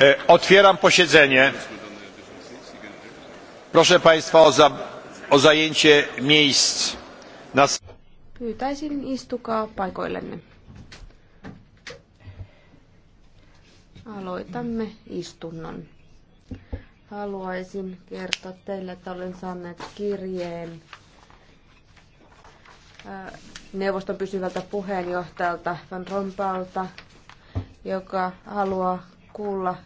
E, otwieram posiedzenie proszę państwa o, zajęcie miejsc na pyytäisin istukaa paikoillenne aloitamme istunnon haluaisin kertoa teille että olen saanut kirjeen neuvoston pysyvältä puheenjohtajalta Van Rompalta, joka haluaa kuulla